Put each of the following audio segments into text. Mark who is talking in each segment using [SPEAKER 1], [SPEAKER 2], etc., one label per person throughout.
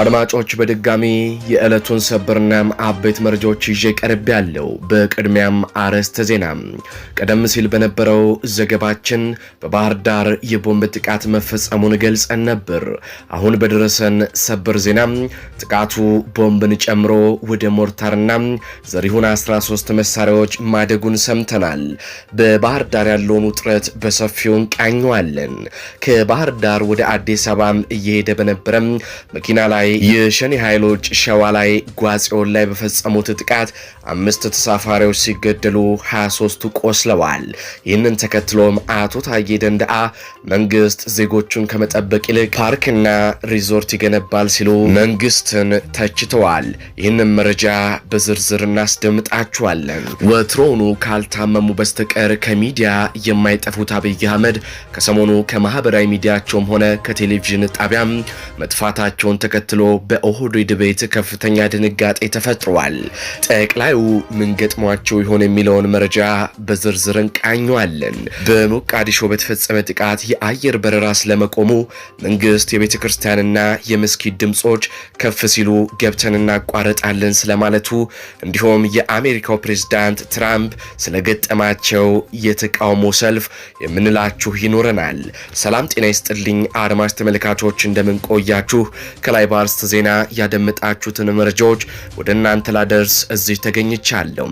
[SPEAKER 1] አድማጮች በድጋሚ የዕለቱን ሰብርና አበይት መረጃዎች ይዤ ቀርብ ያለው። በቅድሚያም አርዕስተ ዜና፣ ቀደም ሲል በነበረው ዘገባችን በባህር ዳር የቦምብ ጥቃት መፈጸሙን ገልጸን ነበር። አሁን በደረሰን ሰብር ዜና ጥቃቱ ቦምብን ጨምሮ ወደ ሞርታርና ዘሪሁን 13 መሳሪያዎች ማደጉን ሰምተናል። በባህር ዳር ያለውን ውጥረት በሰፊው እንቃኘዋለን። ከባህር ዳር ወደ አዲስ አበባ እየሄደ በነበረ መኪና ላይ ላይ የሸኔ ኃይሎች ሸዋ ላይ ጓጽዮን ላይ በፈጸሙት ጥቃት አምስት ተሳፋሪዎች ሲገደሉ 23ቱ ቆስለዋል። ይህንን ተከትሎም አቶ ታዬ ደንደአ መንግስት ዜጎቹን ከመጠበቅ ይልቅ ፓርክና ሪዞርት ይገነባል ሲሉ መንግስትን ተችተዋል። ይህንን መረጃ በዝርዝር እናስደምጣችኋለን። ወትሮኑ ካልታመሙ በስተቀር ከሚዲያ የማይጠፉት አብይ አህመድ ከሰሞኑ ከማህበራዊ ሚዲያቸውም ሆነ ከቴሌቪዥን ጣቢያም መጥፋታቸውን ተከትሎ ተከትሎ በኦህዴድ ቤት ከፍተኛ ድንጋጤ ተፈጥሯል። ጠቅላዩ ምን ገጥሟቸው ይሆን የሚለውን መረጃ በዝርዝር እንቃኘዋለን። በሞቃዲሾ በተፈጸመ ጥቃት የአየር በረራ ስለመቆሙ መንግስት፣ የቤተ ክርስቲያንና የመስጊድ ድምፆች ከፍ ሲሉ ገብተን እናቋረጣለን ስለማለቱ እንዲሁም የአሜሪካው ፕሬዝዳንት ትራምፕ ስለገጠማቸው የተቃውሞ ሰልፍ የምንላችሁ ይኖረናል። ሰላም ጤና ይስጥልኝ አድማጭ ተመልካቾች እንደምንቆያችሁ ከላይ ባ በአርዕስተ ዜና ያደመጣችሁትን መረጃዎች ወደ እናንተ ላደርስ እዚህ ተገኝቻለሁ።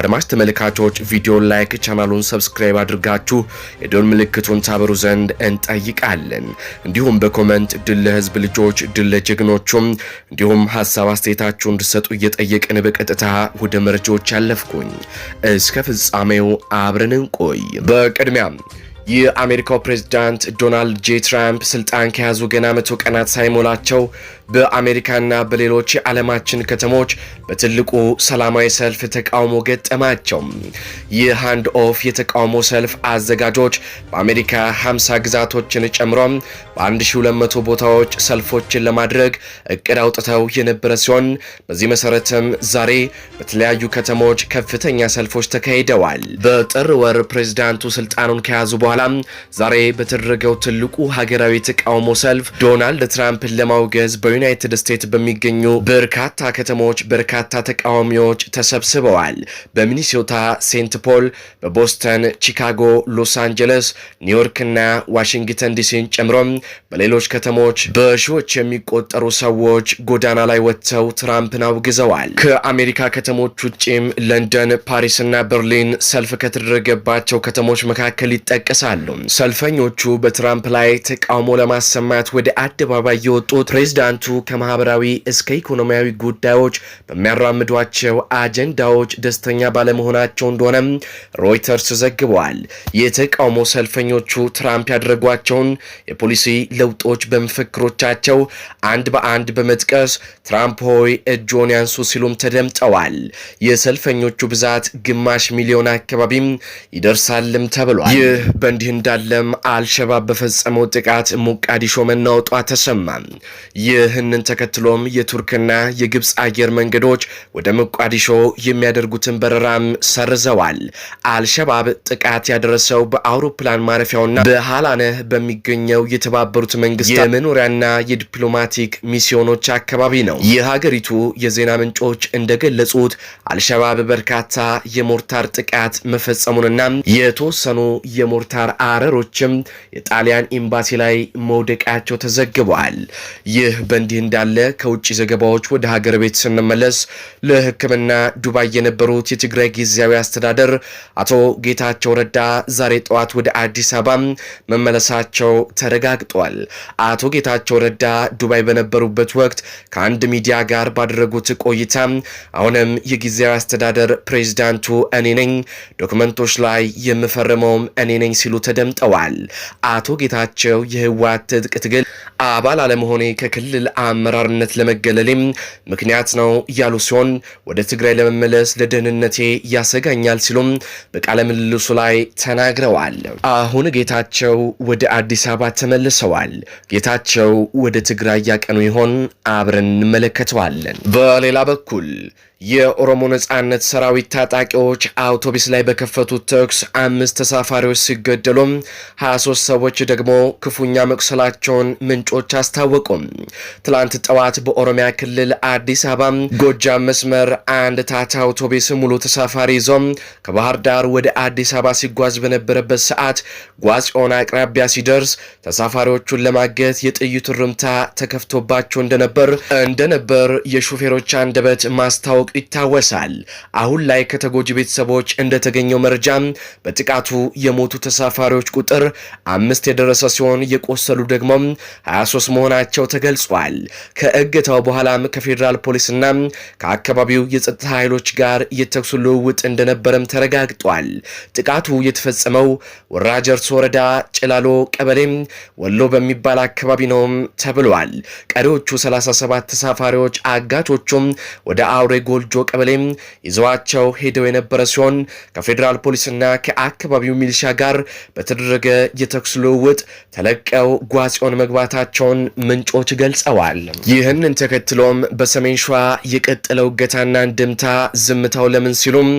[SPEAKER 1] አድማጭ ተመልካቾች ቪዲዮ ላይክ፣ ቻናሉን ሰብስክራይብ አድርጋችሁ የዶል ምልክቱን ታበሩ ዘንድ እንጠይቃለን። እንዲሁም በኮመንት ድል ለህዝብ ልጆች፣ ድል ለጀግኖቹም እንዲሁም ሀሳብ አስተያየታችሁ እንድሰጡ እየጠየቅን በቀጥታ ወደ መረጃዎች ያለፍኩኝ እስከ ፍጻሜው አብረን እንቆይ። በቅድሚያ የአሜሪካው ፕሬዝዳንት ዶናልድ ጄ ትራምፕ ስልጣን ከያዙ ገና መቶ ቀናት ሳይሞላቸው በአሜሪካና በሌሎች የዓለማችን ከተሞች በትልቁ ሰላማዊ ሰልፍ ተቃውሞ ገጠማቸው። ይህ ሃንድ ኦፍ የተቃውሞ ሰልፍ አዘጋጆች በአሜሪካ 50 ግዛቶችን ጨምሮ በ1200 ቦታዎች ሰልፎችን ለማድረግ እቅድ አውጥተው የነበረ ሲሆን በዚህ መሰረትም ዛሬ በተለያዩ ከተሞች ከፍተኛ ሰልፎች ተካሂደዋል። በጥር ወር ፕሬዝዳንቱ ስልጣኑን ከያዙ በኋላ ዛሬ በተደረገው ትልቁ ሀገራዊ የተቃውሞ ሰልፍ ዶናልድ ትራምፕን ለማውገዝ በ በዩናይትድ ስቴትስ በሚገኙ በርካታ ከተሞች በርካታ ተቃዋሚዎች ተሰብስበዋል። በሚኒሶታ፣ ሴንት ፖል፣ በቦስተን፣ ቺካጎ፣ ሎስ አንጀለስ፣ ኒውዮርክና ዋሽንግተን ዲሲን ጨምሮም በሌሎች ከተሞች በሺዎች የሚቆጠሩ ሰዎች ጎዳና ላይ ወጥተው ትራምፕን አውግዘዋል። ከአሜሪካ ከተሞች ውጭም ለንደን፣ ፓሪስና በርሊን ሰልፍ ከተደረገባቸው ከተሞች መካከል ይጠቀሳሉ። ሰልፈኞቹ በትራምፕ ላይ ተቃውሞ ለማሰማት ወደ አደባባይ የወጡት ፕሬዚዳንቱ ከማህበራዊ እስከ ኢኮኖሚያዊ ጉዳዮች በሚያራምዷቸው አጀንዳዎች ደስተኛ ባለመሆናቸው እንደሆነም ሮይተርስ ዘግቧል። የተቃውሞ ሰልፈኞቹ ትራምፕ ያደረጓቸውን የፖሊሲ ለውጦች በመፈክሮቻቸው አንድ በአንድ በመጥቀስ ትራምፕ ሆይ እጆን ያንሱ ሲሉም ተደምጠዋል። የሰልፈኞቹ ብዛት ግማሽ ሚሊዮን አካባቢም ይደርሳልም ተብሏል። ይህ በእንዲህ እንዳለም አልሸባብ በፈጸመው ጥቃት ሞቃዲሾ መናወጧ ተሰማ። ይህ ይህንን ተከትሎም የቱርክና የግብፅ አየር መንገዶች ወደ ሞቃዲሾ የሚያደርጉትን በረራም ሰርዘዋል። አልሸባብ ጥቃት ያደረሰው በአውሮፕላን ማረፊያውና በሃላነህ በሚገኘው የተባበሩት መንግስታት የመኖሪያና የዲፕሎማቲክ ሚስዮኖች አካባቢ ነው። የሀገሪቱ የዜና ምንጮች እንደገለጹት አልሸባብ በርካታ የሞርታር ጥቃት መፈጸሙንና የተወሰኑ የሞርታር አረሮችም የጣሊያን ኤምባሲ ላይ መውደቃቸው ተዘግቧል። ይህ በእንዲህ እንዳለ ከውጭ ዘገባዎች ወደ ሀገር ቤት ስንመለስ ለሕክምና ዱባይ የነበሩት የትግራይ ጊዜያዊ አስተዳደር አቶ ጌታቸው ረዳ ዛሬ ጠዋት ወደ አዲስ አበባ መመለሳቸው ተረጋግጧል። አቶ ጌታቸው ረዳ ዱባይ በነበሩበት ወቅት ከአንድ ሚዲያ ጋር ባደረጉት ቆይታ አሁንም የጊዜያዊ አስተዳደር ፕሬዚዳንቱ እኔ ነኝ፣ ዶክመንቶች ላይ የምፈርመውም እኔ ነኝ ሲሉ ተደምጠዋል። አቶ ጌታቸው የህወሓት ትጥቅ ትግል አባል አለመሆኔ ከክልል ከአመራርነት ለመገለሌም ምክንያት ነው እያሉ ሲሆን ወደ ትግራይ ለመመለስ ለደህንነቴ ያሰጋኛል ሲሉም በቃለ ምልልሱ ላይ ተናግረዋል። አሁን ጌታቸው ወደ አዲስ አበባ ተመልሰዋል። ጌታቸው ወደ ትግራይ ያቀኑ ይሆን? አብረን እንመለከተዋለን። በሌላ በኩል የኦሮሞ ነጻነት ሰራዊት ታጣቂዎች አውቶቡስ ላይ በከፈቱት ተኩስ አምስት ተሳፋሪዎች ሲገደሉም 23 ሰዎች ደግሞ ክፉኛ መቁሰላቸውን ምንጮች አስታወቁም። ትላንት ጠዋት በኦሮሚያ ክልል አዲስ አበባ ጎጃም መስመር አንድ ታታ አውቶቡስ ሙሉ ተሳፋሪ ይዞም ከባህር ዳር ወደ አዲስ አበባ ሲጓዝ በነበረበት ሰዓት ጓጽዮን አቅራቢያ ሲደርስ ተሳፋሪዎቹን ለማገት የጥይቱ ርምታ ተከፍቶባቸው እንደነበር እንደነበር የሹፌሮች አንደበት ማስታወቅ ማወቁ ይታወሳል። አሁን ላይ ከተጎጂ ቤተሰቦች እንደተገኘው መረጃ በጥቃቱ የሞቱ ተሳፋሪዎች ቁጥር አምስት የደረሰ ሲሆን የቆሰሉ ደግሞ 23 መሆናቸው ተገልጿል። ከእገታው በኋላም ከፌዴራል ፖሊስና ከአካባቢው የጸጥታ ኃይሎች ጋር የተኩስ ልውውጥ እንደነበረም ተረጋግጧል። ጥቃቱ የተፈጸመው ወራ ጀርሶ ወረዳ ጭላሎ ቀበሌም ወሎ በሚባል አካባቢ ነውም ተብሏል። ቀሪዎቹ 37 ተሳፋሪዎች አጋቾቹም ወደ አውሬጎ ጎልጆ ቀበሌ ይዘዋቸው ሄደው የነበረ ሲሆን ከፌዴራል ፖሊስና ከአካባቢው ሚሊሻ ጋር በተደረገ የተኩስ ልውውጥ ተለቀው ጓጽዮን መግባታቸውን ምንጮች ገልጸዋል። ይህንን ተከትሎም በሰሜን ሸዋ የቀጠለው እገታና እንድምታ ዝምታው ለምን ሲሉም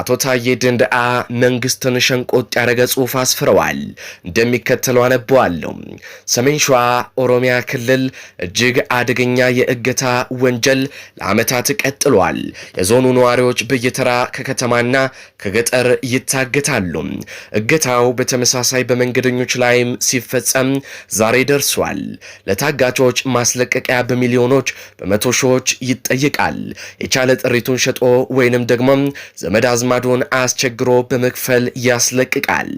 [SPEAKER 1] አቶ ታዬ ድንድአ መንግስትን ሸንቆጥ ያደረገ ጽሑፍ አስፍረዋል። እንደሚከተለው አነበዋለሁ። ሰሜን ሸዋ ኦሮሚያ ክልል እጅግ አደገኛ የእገታ ወንጀል ለዓመታት ቀጥሏል። የዞኑ ነዋሪዎች በየተራ ከከተማና ከገጠር ይታገታሉ። እገታው በተመሳሳይ በመንገደኞች ላይም ሲፈጸም ዛሬ ደርሷል። ለታጋቾች ማስለቀቂያ በሚሊዮኖች በመቶ ሺዎች ይጠይቃል። የቻለ ጥሪቱን ሸጦ ወይንም ደግሞ ዘመድ አዝማዶን አስቸግሮ በመክፈል ያስለቅቃል።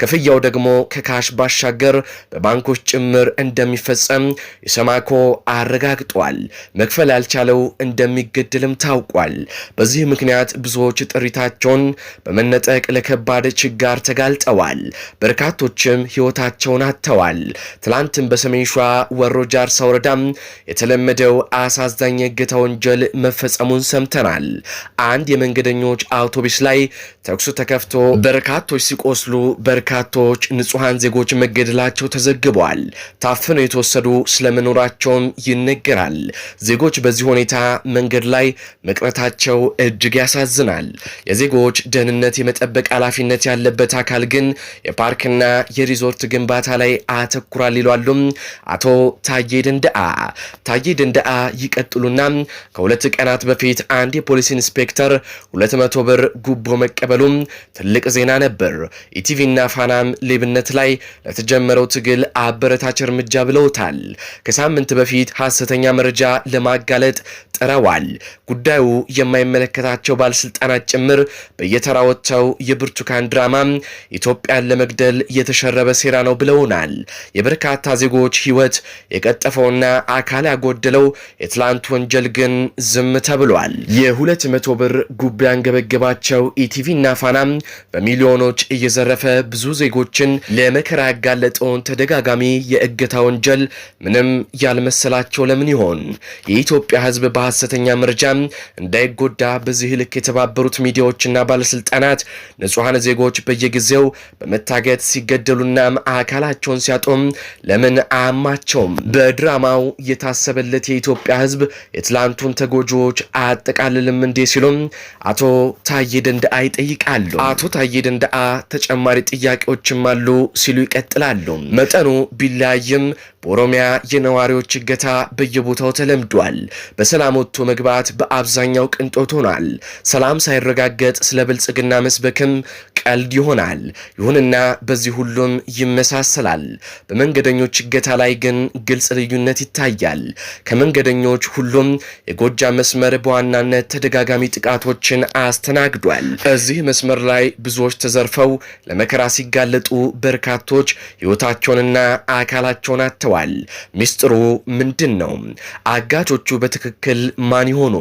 [SPEAKER 1] ክፍያው ደግሞ ከካሽ ባሻገር በባንኮች ጭምር እንደሚፈጸም ይሰማኮ አረጋግጧል። መክፈል ያልቻለው እንደሚገድልም ታውቋል። ታውቋል። በዚህ ምክንያት ብዙዎች ጥሪታቸውን በመነጠቅ ለከባድ ችጋር ተጋልጠዋል። በርካቶችም ሕይወታቸውን አጥተዋል። ትላንትም በሰሜን ሸዋ ወሮ ጃርሳ ወረዳም የተለመደው አሳዛኝ የእገታ ወንጀል መፈጸሙን ሰምተናል። አንድ የመንገደኞች አውቶቡስ ላይ ተኩሱ ተከፍቶ በርካቶች ሲቆስሉ፣ በርካቶች ንጹሐን ዜጎች መገደላቸው ተዘግቧል። ታፍነው የተወሰዱ ስለመኖራቸውም ይነገራል። ዜጎች በዚህ ሁኔታ መንገድ ላይ መቅረታቸው እጅግ ያሳዝናል። የዜጎች ደህንነት የመጠበቅ ኃላፊነት ያለበት አካል ግን የፓርክና የሪዞርት ግንባታ ላይ አተኩራል ይሏሉም አቶ ታዬ ደንደአ። ታዬ ደንደአ ይቀጥሉና ከሁለት ቀናት በፊት አንድ የፖሊስ ኢንስፔክተር 200 ብር ጉቦ መቀበሉም ትልቅ ዜና ነበር። ኢቲቪና ፋናም ሌብነት ላይ ለተጀመረው ትግል አበረታች እርምጃ ብለውታል። ከሳምንት በፊት ሐሰተኛ መረጃ ለማጋለጥ ጥረዋል። ጉዳዩ የማይመለከታቸው ባለስልጣናት ጭምር በየተራ ወጥተው የብርቱካን ድራማ ኢትዮጵያን ለመግደል የተሸረበ ሴራ ነው ብለውናል። የበርካታ ዜጎች ህይወት የቀጠፈውና አካል ያጎደለው የትላንት ወንጀል ግን ዝም ተብሏል። የሁለት መቶ ብር ጉቦ ያንገበገባቸው ኢቲቪና ፋና በሚሊዮኖች እየዘረፈ ብዙ ዜጎችን ለመከራ ያጋለጠውን ተደጋጋሚ የእገታ ወንጀል ምንም ያልመሰላቸው ለምን ይሆን? የኢትዮጵያ ህዝብ በሐሰተኛ መረጃ እንዳይጎዳ በዚህ ልክ የተባበሩት ሚዲያዎችና ባለስልጣናት ንጹሐን ዜጎች በየጊዜው በመታገት ሲገደሉና አካላቸውን ሲያጡም ለምን አያማቸውም? በድራማው የታሰበለት የኢትዮጵያ ህዝብ የትላንቱን ተጎጂዎች አያጠቃልልም እንዴ ሲሉም አቶ ታዬ ደንደአ ይጠይቃሉ። አቶ ታዬ ደንደአ ተጨማሪ ጥያቄዎችም አሉ ሲሉ ይቀጥላሉ። መጠኑ ቢለያይም በኦሮሚያ የነዋሪዎች እገታ በየቦታው ተለምዷል። በሰላም ወጥቶ መግባት በአብዛኛው መገናኛው ቅንጦት ሆኗል። ሰላም ሳይረጋገጥ ስለ ብልጽግና መስበክም ቀልድ ይሆናል። ይሁንና በዚህ ሁሉም ይመሳሰላል። በመንገደኞች እገታ ላይ ግን ግልጽ ልዩነት ይታያል። ከመንገደኞች ሁሉም የጎጃም መስመር በዋናነት ተደጋጋሚ ጥቃቶችን አስተናግዷል። እዚህ መስመር ላይ ብዙዎች ተዘርፈው ለመከራ ሲጋለጡ፣ በርካቶች ሕይወታቸውንና አካላቸውን አጥተዋል። ሚስጥሩ ምንድን ነው? አጋቾቹ በትክክል ማን ይሆኑ?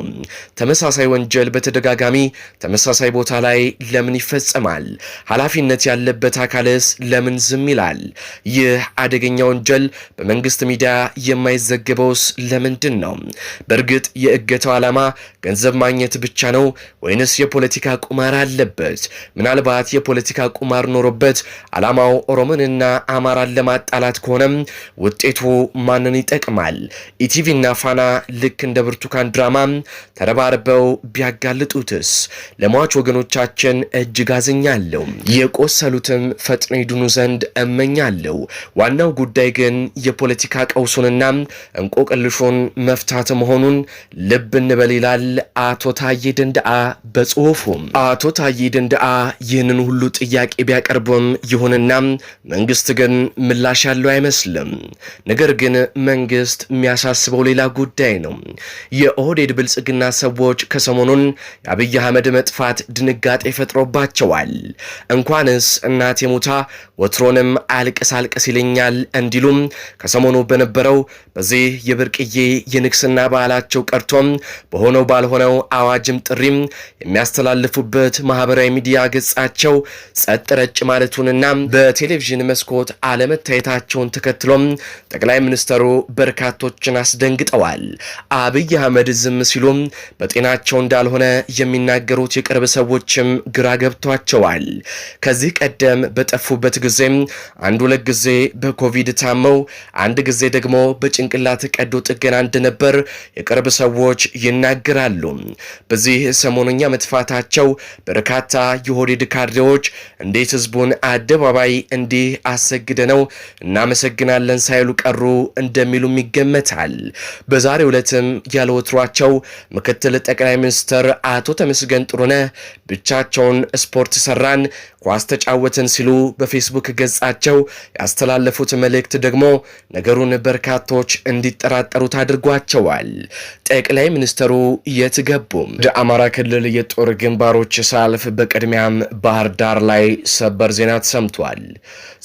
[SPEAKER 1] ተመሳሳይ ወንጀል በተደጋጋሚ ተመሳሳይ ቦታ ላይ ለምን ይፈጸማል? ኃላፊነት ያለበት አካልስ ለምን ዝም ይላል? ይህ አደገኛ ወንጀል በመንግስት ሚዲያ የማይዘገበውስ ለምንድን ነው? በእርግጥ የእገታው ዓላማ ገንዘብ ማግኘት ብቻ ነው ወይንስ የፖለቲካ ቁማር አለበት? ምናልባት የፖለቲካ ቁማር ኖሮበት ዓላማው ኦሮሞንና አማራን ለማጣላት ከሆነም ውጤቱ ማንን ይጠቅማል? ኢቲቪና ፋና ልክ እንደ ብርቱካን ድራማ ተረባ ተረባርበው ቢያጋልጡትስ? ለሟች ወገኖቻችን እጅግ አዝኛለሁ። የቆሰሉትም ፈጥኖ ይድኑ ዘንድ እመኛለሁ። ዋናው ጉዳይ ግን የፖለቲካ ቀውሱንና እንቆቅልሹን መፍታት መሆኑን ልብ እንበል ይላል አቶ ታዬ ደንደአ በጽሁፉም። አቶ ታዬ ደንደአ ይህንን ሁሉ ጥያቄ ቢያቀርቡም ይሁንና መንግስት ግን ምላሽ ያለው አይመስልም። ነገር ግን መንግስት የሚያሳስበው ሌላ ጉዳይ ነው። የኦህዴድ ብልጽግና ሰ ሰዎች ከሰሞኑን የአብይ አህመድ መጥፋት ድንጋጤ ፈጥሮባቸዋል። እንኳንስ እናቴ ሙታ ወትሮንም አልቅስ አልቅስ ይለኛል እንዲሉም ከሰሞኑ በነበረው በዚህ የብርቅዬ የንግስና በዓላቸው ቀርቶም በሆነው ባልሆነው አዋጅም ጥሪም የሚያስተላልፉበት ማህበራዊ ሚዲያ ገጻቸው ጸጥ ረጭ ማለቱንና በቴሌቪዥን መስኮት አለመታየታቸውን ተከትሎም ጠቅላይ ሚኒስትሩ በርካቶችን አስደንግጠዋል። አብይ አህመድ ዝም ሲሉም በጤናቸው እንዳልሆነ የሚናገሩት የቅርብ ሰዎችም ግራ ገብቷቸዋል። ከዚህ ቀደም በጠፉበት ጊዜም አንድ ሁለት ጊዜ በኮቪድ ታመው አንድ ጊዜ ደግሞ በጭንቅላት ቀዶ ጥገና እንደነበር የቅርብ ሰዎች ይናገራሉ። በዚህ ሰሞነኛ መጥፋታቸው በርካታ የሆዴድ ካድሬዎች እንዴት ህዝቡን አደባባይ እንዲህ አሰግደ ነው እናመሰግናለን ሳይሉ ቀሩ እንደሚሉም ይገመታል። በዛሬ ዕለትም ያለወትሯቸው ምክትል ምክትል ጠቅላይ ሚኒስትር አቶ ተመስገን ጥሩነህ ብቻቸውን ስፖርት ሰራን፣ ኳስ ተጫወትን ሲሉ በፌስቡክ ገጻቸው ያስተላለፉት መልእክት ደግሞ ነገሩን በርካቶች እንዲጠራጠሩት አድርጓቸዋል። ጠቅላይ ሚኒስትሩ የት ገቡም? ወደ አማራ ክልል የጦር ግንባሮች ሳልፍ በቅድሚያም ባህር ዳር ላይ ሰበር ዜና ተሰምቷል።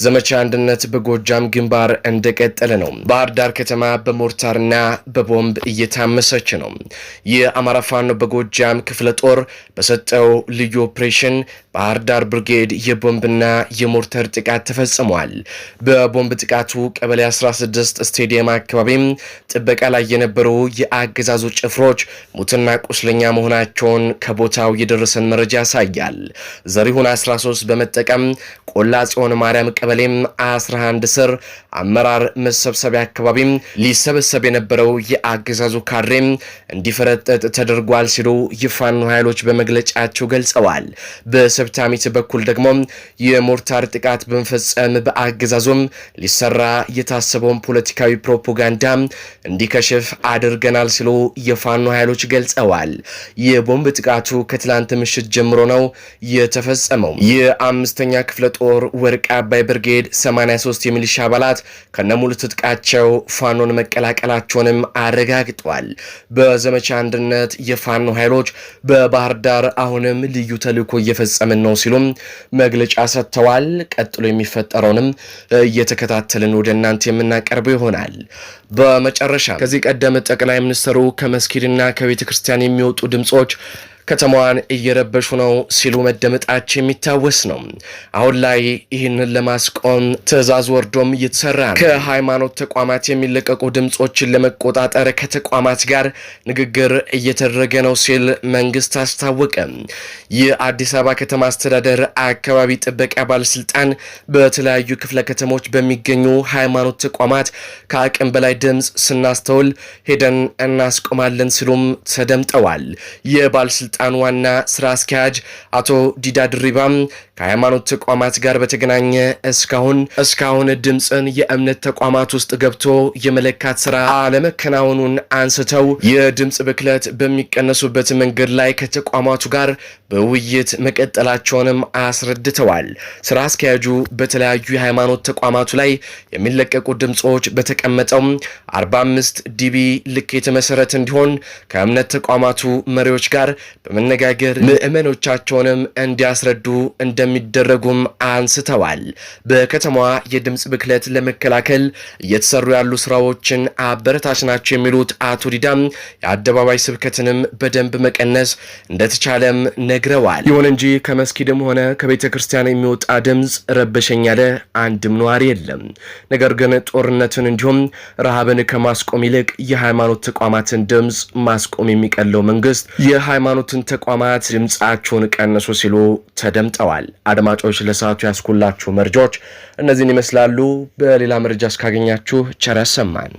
[SPEAKER 1] ዘመቻ አንድነት በጎጃም ግንባር እንደቀጠለ ነው። ባህር ዳር ከተማ በሞርታርና በቦምብ እየታመሰች ነው። የአማራ የአማራ ፋኖ በጎጃም ክፍለ ጦር በሰጠው ልዩ ኦፕሬሽን ባህር ዳር ብርጌድ የቦምብና የሞርተር ጥቃት ተፈጽሟል። በቦምብ ጥቃቱ ቀበሌ 16 ስቴዲየም አካባቢም ጥበቃ ላይ የነበሩ የአገዛዙ ጭፍሮች ሙትና ቁስለኛ መሆናቸውን ከቦታው የደረሰን መረጃ ያሳያል። ዘሪሁን 13 በመጠቀም ቆላ ጽዮን ማርያም ቀበሌም 11 ስር አመራር መሰብሰቢያ አካባቢም ሊሰበሰብ የነበረው የአገዛዙ ካድሬም እንዲፈረጠጥ ተደርጓል ሲሉ የፋኖ ኃይሎች በመግለጫቸው ገልጸዋል። በሸብታሚት በኩል ደግሞ የሞርታር ጥቃት በመፈጸም በአገዛዙም ሊሰራ የታሰበውን ፖለቲካዊ ፕሮፓጋንዳ እንዲከሽፍ አድርገናል ሲሉ የፋኖ ኃይሎች ገልጸዋል። የቦምብ ጥቃቱ ከትላንት ምሽት ጀምሮ ነው የተፈጸመው። የአምስተኛ ክፍለ ጦር ወርቅ አባይ ብርጌድ 83 የሚሊሻ አባላት ከነሙሉ ትጥቃቸው ፋኖን መቀላቀላቸውንም አረጋግጧል። በዘመቻ አንድነት የፋኖ ኃይሎች በባህር ዳር አሁንም ልዩ ተልዕኮ እየፈጸመ እየተከታተልን ነው ሲሉም መግለጫ ሰጥተዋል። ቀጥሎ የሚፈጠረውንም እየተከታተልን ወደ እናንተ የምናቀርበው ይሆናል። በመጨረሻ ከዚህ ቀደም ጠቅላይ ሚኒስትሩ ከመስጊድና ከቤተ ክርስቲያን የሚወጡ ድምፆች ከተማዋን እየረበሹ ነው ሲሉ መደመጣቸው የሚታወስ ነው። አሁን ላይ ይህንን ለማስቆም ትዕዛዝ ወርዶም እየተሰራ ነው። ከሃይማኖት ተቋማት የሚለቀቁ ድምፆችን ለመቆጣጠር ከተቋማት ጋር ንግግር እየተደረገ ነው ሲል መንግስት አስታወቀ። የአዲስ አበባ ከተማ አስተዳደር አካባቢ ጥበቃ ባለስልጣን በተለያዩ ክፍለ ከተሞች በሚገኙ ሃይማኖት ተቋማት ከአቅም በላይ ድምፅ ስናስተውል ሄደን እናስቆማለን ሲሉም ተደምጠዋል። የባለስልጣ ባለስልጣን ዋና ስራ አስኪያጅ አቶ ዲዳ ድሪባም ከሃይማኖት ተቋማት ጋር በተገናኘ እስካሁን እስካሁን ድምፅን የእምነት ተቋማት ውስጥ ገብቶ የመለካት ስራ አለመከናወኑን አንስተው የድምፅ ብክለት በሚቀነሱበት መንገድ ላይ ከተቋማቱ ጋር በውይይት መቀጠላቸውንም አስረድተዋል። ስራ አስኪያጁ በተለያዩ የሃይማኖት ተቋማቱ ላይ የሚለቀቁ ድምፆች በተቀመጠው 45 ዲቢ ልክ የተመሰረተ እንዲሆን ከእምነት ተቋማቱ መሪዎች ጋር በመነጋገር ምዕመኖቻቸውንም እንዲያስረዱ እንደ እንደሚደረጉም አንስተዋል። በከተማዋ የድምፅ ብክለት ለመከላከል እየተሰሩ ያሉ ስራዎችን አበረታች ናቸው የሚሉት አቶ ዲዳም የአደባባይ ስብከትንም በደንብ መቀነስ እንደተቻለም ነግረዋል። ይሁን እንጂ ከመስጊድም ሆነ ከቤተ ክርስቲያን የሚወጣ ድምፅ ረበሸኝ ያለ አንድም ነዋሪ የለም። ነገር ግን ጦርነትን እንዲሁም ረሃብን ከማስቆም ይልቅ የሃይማኖት ተቋማትን ድምፅ ማስቆም የሚቀለው መንግስት የሃይማኖትን ተቋማት ድምፃቸውን ቀንሱ ሲሉ ተደምጠዋል። አድማጮች ለሰዓቱ ያስኩላችሁ መረጃዎች እነዚህን ይመስላሉ። በሌላ መረጃ እስካገኛችሁ ቸር ያሰማን።